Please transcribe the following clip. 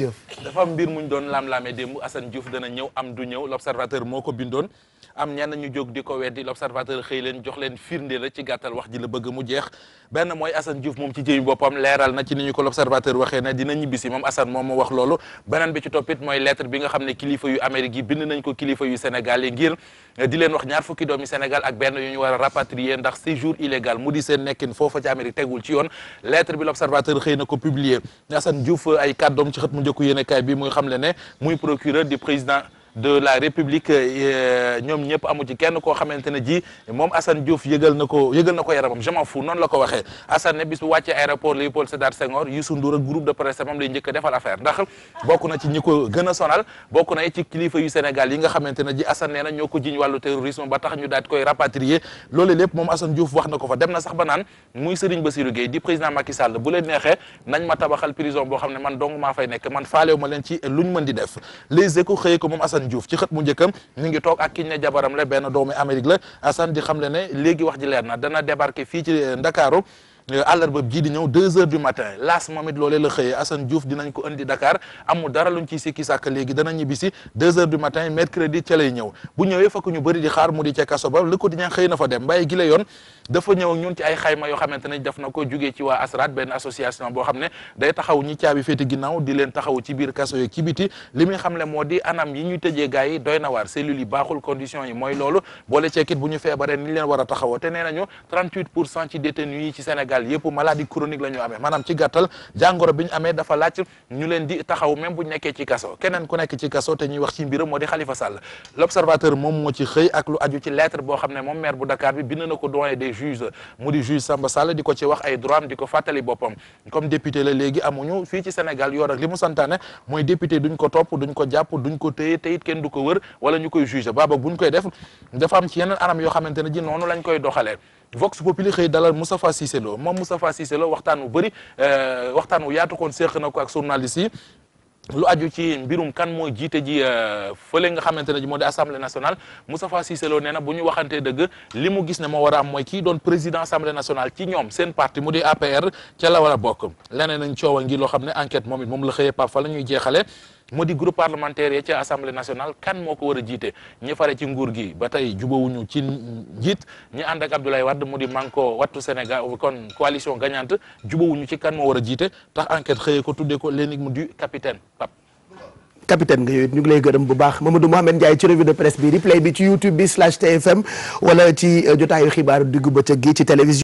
jëf dafa am mbir muñ doon laam-laamee démb Assane Diouf dana ñëw am du ñëw l'observateur moo ko bindoon am ñenn ñu jóg di ko weddi l'observateur xëy benn mooy Assane Diouf moom ci jëmi boppam na ko l'observateur yi eh, l'observateur xëy na ko publier Assane Diouf ay kàddoom ci xët mu ko yéenekaay bi muy xamle ne muy procureur di président de la république euh, ñoom ñëpp amu ci kenn koo xamante ne ji moom Assane Diouf yëgal na ko yëgal na ko yaramam je m'en fous la ko waxee Assane ne bis bu wàccee aéroport Léopold Sédar Senghor Youssou Ndour groupe de presse moom lay njëkk a defal affaire ndax bokk na ci ñi ko gën sonal bokk ci kilifa yu Sénégal yi nga xamante ne ji Assane nee na ñoo ko jiñ wàllu terrorisme ba tax ñu daat koy rapatrier loolu lépp moom Assane Diouf wax na ko fa dem na sax ba naan muy Serigne Bassirou Gueye bu leen neexee nañ ma tabaxal prison boo xam ne man dong maa fay nekk man faalew leen ci luñ mën di def Assane Diouf ci xët mu njëkkam mi ngi toog ak kiñ ne jabaram la benn doomu Amérique la Assane di xam le ne léegi wax ji leer na dana débarquer fii ci euh, Ndakaaru Euh, àllarba jii di ñëw deux heures du matin laas moom it loolee la xëyee Assane Diouf dinañ ko indi Dakar amul dara luñ ciy sikki sàkk léegi dana ñibbisi deux heures du matin mercredi ca lay ñëw bu ñëwee fekk ñu bëri di xaar mu di ca kaso ba le quotidien xëy na fa dem mbaye gi yoon dafa ñëw ñun ci ay xayma yoo xamante ne def na ko jugee ci waa asrat benn association boo xam ne day taxaw ñi caabi féeti ginnaaw di leen taxaw ci biir kaso yo ci biti li muy xam ne moo di anam yi ñuy tëjee gars yi na waar cellules yi baaxul yi mooy loolu boole ceekit bu ñu feebaree ni leen war a taxawoo te nee nañu Sénégal yëpp maladie chronique la ñu amee maanaam ci gàttal jàngoro bi ñu amee dafa laaj ñu leen di taxaw même bu nekkee ci kaso keneen ku nekk ci kaso te ñuy wax ci mbiram moo di Khalifa Sall l'observateur moom moo ci xëy ak lu aju ci lettre boo xam ne moom maire bu Dakar bi bind na ko doyen des juges mu di juge Samba Sall di ko ci wax ay droit di ko fàttali boppam comme député la léegi amuñu fii ci Sénégal yoon ak li mu santaane mooy député du ñu koy juge Vox Populi xëy dalal Moustapha Cissé Lo moom Moustapha Cissé Lo waxtaan wu bëri euh, waxtaan wu yaatu koon séq na ko ak journaliste yi lu aju ci mbirum kan mooy jiite ji euh, fële nga xamante ne moo di assemblée nationale Moustapha Cissé Lo nee na bu ñu waxantee dëgg li mu gis ne moo war am mooy kii doon président assemblée nationale ci ñoom seen parti mu di APR ca la war bokk leneen nañ coowal ngi loo xam ne enquête moom it moom la xëyee Pape fa la ñuy jeexale moo di groupe parlementaire yi ci assemblée nationale kan moo ko war a jiite ñi fare ci nguur gi ba tey jubawuñu ci njiit ñi ànd ak Abdoulaye Wade mu di manko wattu Sénégal kon coalition gagnante jubawuñu ci kan moo war a jiite tax enquête xëyee ko tuddee ko l'énigme du capitaine Pape capitaine nga yooyu ñu ngi lay gërëm bu baax Mamadou Mohamed Ndiaye ci revue de presse bi replay bi ci youtube bi slash tfm wala ci euh, jotaayu xibaaru diggu bëccëg gi ci télévision